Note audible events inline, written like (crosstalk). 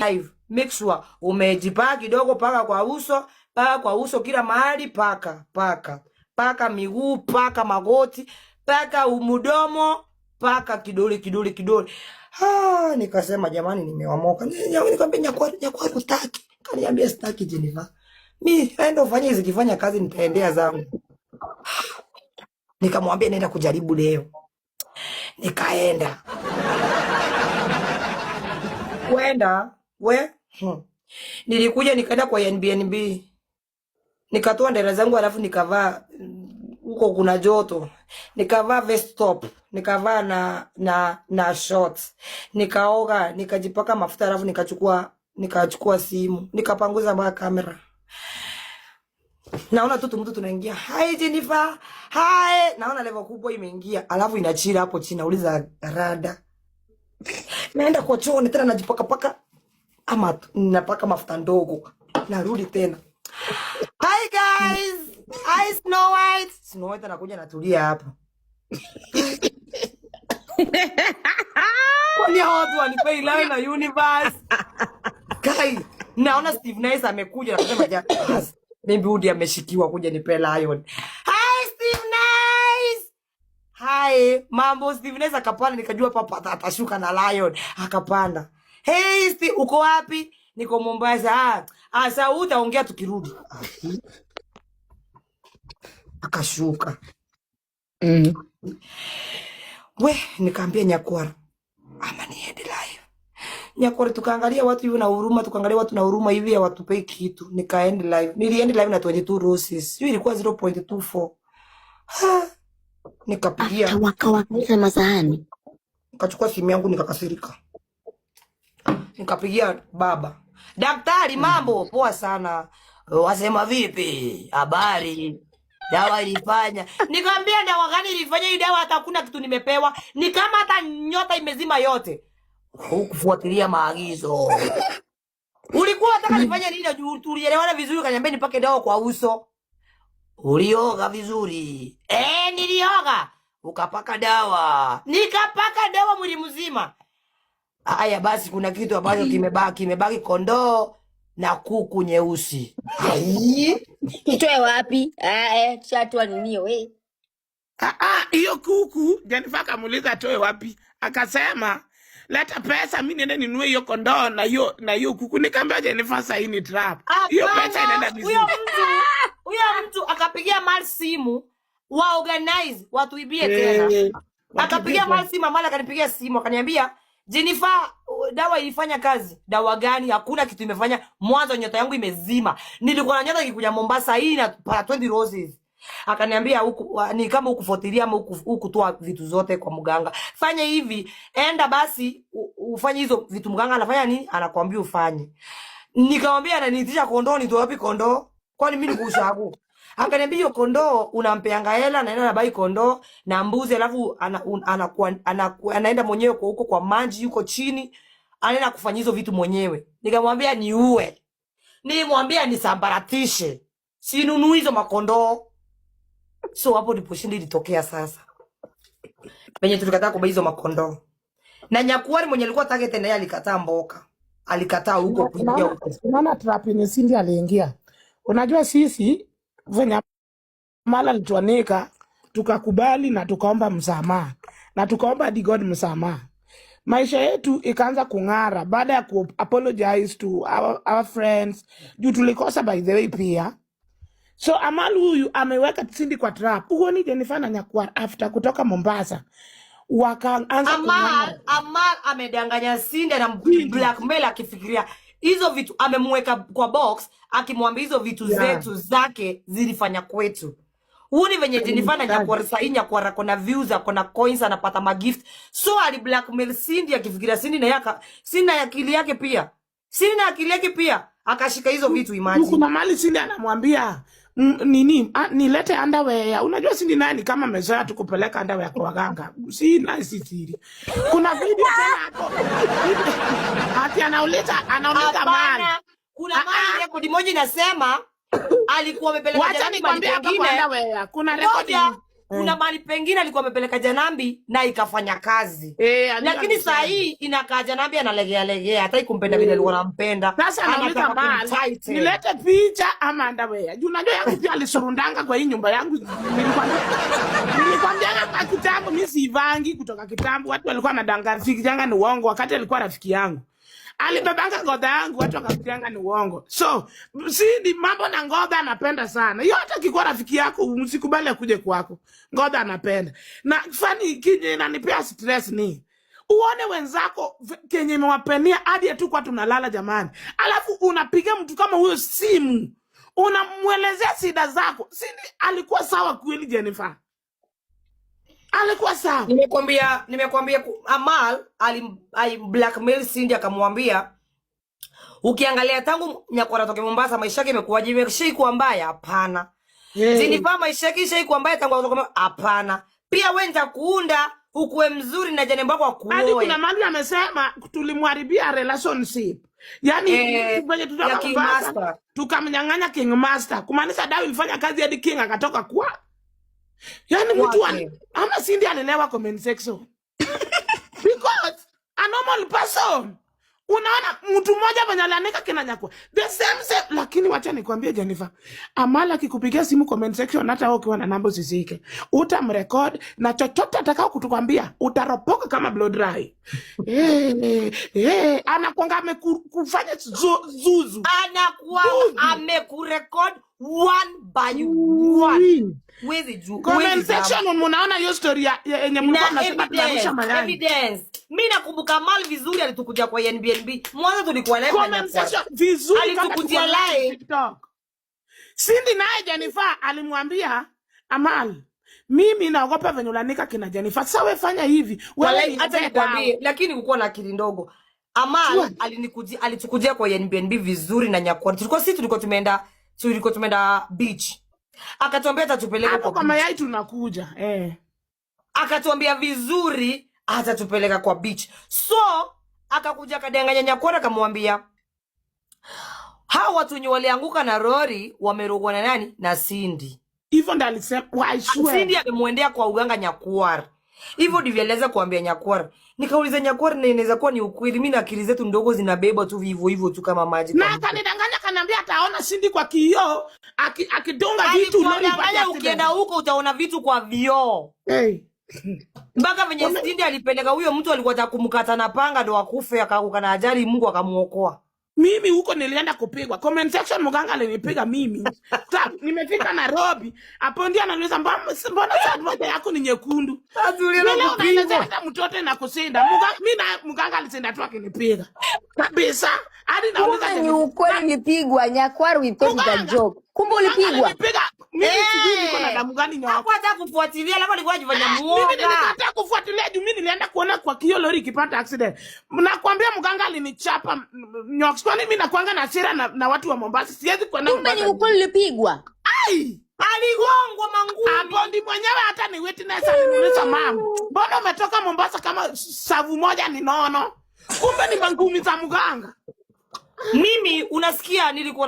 live. Make sure umejipaka kidogo, paka kwa uso, paka kwa uso kila mahali, paka paka paka miguu, paka magoti, paka umudomo, paka kidole kidole kidole. Ah, nikasema jamani, nimewamoka. Nikamwambia nyakwari, nyakwari utaki. Kaniambia sitaki Jennifer. Mi enda ufanye hizi kifanya kazi nitaendea zangu. Nikamwambia naenda kujaribu leo. Nikaenda. Kwenda we hmm. Nilikuja nikaenda kwa NBNB nikatoa ndera zangu, alafu nikavaa mm, huko, kuna joto, nikavaa vest top, nikavaa na na na shorts, nikaoga, nikajipaka mafuta, alafu nikachukua nikachukua simu, nikapanguza mpaka kamera naona tu mtu tunaingia, hai Jenifa, hai, naona level kubwa imeingia, alafu inachira hapo chini, nauliza rada, naenda kwa chooni tena najipakapaka ama napaka mafuta ndogo, narudi tena. Hi guys, hi Snow White. Snow White anakuja natulia hapa (laughs) kwani hawa watu wanipa ilani na universe kai. Naona Steve Nice amekuja nakusema ja mimi maybe Udi ameshikiwa kuja nipe lion. Hi Steve Nice, hi mambo. Steve Nice akapanda, nikajua papa atashuka na lion, akapanda Heisti, uko wapi? Niko Mombasa. Ah, ah sasa utaongea tukirudi. Akashuka. Mm. We, nikaambia Nyakwara ama niende live. Nyakwara tukaangalia watu yu na huruma, tukaangalia watu na huruma hivi ya watu pei kitu. Nikaende live. Niliende live na 22 roses. Hiyo ilikuwa 0.24. Ah, nikapigia. Wakawakiza mazahani. Nikachukua simu yangu nikakasirika nikapigia baba, daktari, mambo mm. poa sana, wasema vipi, habari dawa ilifanya. Nikamwambia dawa gani ilifanya? Hii dawa hata hakuna kitu nimepewa, ni kama hata nyota imezima yote. Hukufuatilia maagizo, ulikuwa unataka nifanye nini? Tulielewana vizuri, kaniambia nipake dawa kwa uso. Ulioga vizuri? E, nilioga. Ukapaka dawa? Nikapaka dawa mwili mzima. Haya basi, kuna kitu ambacho kimebaki, kimebaki kondoo na kuku nyeusi. Kitoe wapi? Tushatoa e, ninio hiyo kuku. Jenifa akamuuliza atoe wapi, akasema leta pesa, mi niende ninue hiyo kondoo na hiyo na hiyo kuku. Nikaambia Jenifa, sahii ni trap hiyo, pesa inaenda vizuri. Huyo mtu akapigia mali simu wa organize watuibie tena, eh, akapigia mali simu, amala akanipigia simu akaniambia Jenifer, dawa ilifanya kazi. Dawa gani? Hakuna kitu imefanya. Mwanzo nyota yangu imezima. Nilikuwa na nyota ikikuja Mombasa hii na para 20 roses. Akaniambia huku ni kama ukufuatilia ama ukutoa vitu zote kwa mganga. Fanya hivi, enda basi ufanye hizo vitu mganga anafanya nini? Anakuambia ufanye. Nikamwambia ananiitisha kondoo, nitoe wapi kondoo? Kwani mimi nikushagu? Akaniambia kondoo unampeanga hela, naenda nabai kondoo na mbuzi, alafu anakuwa ana, ana, ana, anaenda mwenyewe kwa huko kwa maji yuko chini, anaenda kufanya hizo vitu mwenyewe. Nikamwambia niue, nimwambia nisambaratishe, sinunui hizo makondoo. So hapo ndipo shindi ilitokea. Sasa penye tulikataa kubai hizo makondoo na nyakuari mwenye alikuwa target naye alikataa mboka, alikataa huko kuingia huko. Unaona trap ni Cindy aliingia. Unajua sisi venye mala alituanika, tukakubali na tukaomba msamaha na tukaomba hadi God msamaha. Maisha yetu ikaanza kung'ara baada ya kuapologize to our, our friends juu tulikosa by the way pia. So amal huyu ameweka sindi kwa trap. Huoni jenifana na Nyakwar after kutoka Mombasa wakaanza Amal, Amal amedanganya Cindy na blackmail akifikiria hizo vitu amemweka kwa box, akimwambia hizo vitu yeah, zetu zake zilifanya kwetu Huni venye Jenifer na Nyakwara sahi, Nyakwara akona views, akona coins, anapata magift. So ali blackmail Cindy akifikiria Cindy na yaka, Cindy na akili yake pia. Cindy na akili yake pia akashika hizo vitu imagine. Kuna mali sindi anamwambia nini ah, nilete underwear. Unajua sindi nani kama mezoea tukupeleka underwear kwa waganga. Si nice siri. Kuna video tena hapo. (laughs) Ati anauliza anauliza mali. Kuna mali ah, ah. ya kudimoji nasema alikuwa amepeleka jamii underwear. Kuna rekodi kuna mali mm. pengine alikuwa amepeleka Janambi na ikafanya kazi e, lakini saa hii inakaa Janambi analegea legea, hata ikumpenda vile alikuwa anampenda. Sasa anauliza mali nilete picha ama underwear juu najua yangu pia alisurundanga kwa hii nyumba yangu. Nilikwambia kwa kitambo mimi sivangi kutoka kitambo, watu walikuwa wanadanganya janga ni uongo, wakati alikuwa rafiki yangu alibebanga ngoda yangu, watu wakafikianga ni uongo. So si ni mambo na Ngodha anapenda sana hiyo. Hata kikuwa rafiki yako msikubali akuje kwako, Ngodha anapenda na fani. Kinye inanipea stress ni uone wenzako kenye imewapenia hadi tu kwa tunalala jamani, alafu unapiga mtu kama huyo simu unamwelezea sida zako, si alikuwa sawa kweli Jennifer? alikuwa sawa. Nimekwambia, nimekwambia Amal alimblackmail Cindy, akamwambia ukiangalia tangu Nyakwara toke Mombasa maisha yake imekuwaje? Imeshaikuwa mbaya? Hapana. Hey. Zinifaa maisha yake ishaikuwa mbaya tangu toke Mombasa? Hapana. Pia wewe nitakuunda ukuwe mzuri na jana mbako akuoe. Hadi yaani kuna mali amesema tulimharibia relationship. Yaani eh, kwenye tutoka ya Mombasa tukamnyang'anya King Master. Kumaanisha dawa ilifanya kazi hadi King akatoka kwa Yaani mtu a ama sindi never comment section (laughs) because a normal person Unaona mtu mmoja mwenye kina nyakwa. The same same lakini wacha nikwambie Jennifer. Amala akikupigia simu comment section hata wewe ukiwa na namba usizike. Utamrecord na chochote atakao kutukwambia utaropoka kama blood dry. Eh eh eh anakuanga amekufanya zuzu. Anakuwa amekurecord one by one. Wewe juu. Comment section unaona hiyo story yenye mlikuwa mnasema tunarusha mayai. Evidence. Mimi nakumbuka Mal vizuri alitukuja kwa NBNB. Mwanzo tulikuwa live na sasa vizuri alitukuja live TikTok. Sindi naye Janifa alimwambia Amal, mimi naogopa venye ulanika kina Janifa. Sasa wewe fanya hivi. Wewe hata nikwambie lakini ukuwa na akili ndogo. Amal alinikujia alitukujia kwa NBNB vizuri na Nyakwara. Tulikuwa sisi tulikuwa tumeenda tulikuwa tumeenda beach. Akatuambia atatupeleka kwa kama yai tunakuja. Eh. Akatuambia vizuri atatupeleka kwa beach. So akakuja kadanganya Nyakora akamwambia hawa watu wenye walianguka na rori wamerogwa na nani na Cindy. Hivyo ndo alisema ah, Sindi amemwendea kwa uganga Nyakwara. Hivyo ndivyo aliweza kuambia Nyakwara. Nikauliza Nyakwara, na inaweza kuwa ni ukweli. Mimi na akili zetu ndogo zinabeba tu hivyo hivyo tu kama maji. Na akanidanganya kaniambia ataona Cindy kwa kioo akidonga aki vitu Ukienda huko utaona vitu kwa vioo. Hey mpaka venye stindi alipeleka huyo mtu alikuwa atakumkata na panga ndo akufe, akaanguka na ajali, Mungu akamuokoa. Mimi huko nilienda kupigwa comment section, mganga alinipiga mimi Sa, nimefika Nairobi hapo ndio ananiuliza mbona shati yako ni nyekundu, unaenda mtoto na kusinda mimi na mganga alisinda tu akinipiga kabisa, hadi nauliza ni ukweli nilipigwa. Nyakwaru ipo joke, kumbe ulipigwa mimi eh! sijui niko na ah, kufuatilia juu mimi nilienda kuona kwa kio lori ikipata accident. Nakwambia mganga alinichapa nyoka. Kwani mimi nakwanga na hasira na, na watu wa Mombasa. Siwezi kwenda Kumbe ni ukweli ulipigwa. Ai! Aligongwa mangumi. Hapo ndi mwenyewe hata ni witness aliniuliza mama. Mbona umetoka Mombasa kama savu moja ni nono? Kumbe ni mangumi za mganga. Mimi unasikia nilikuwa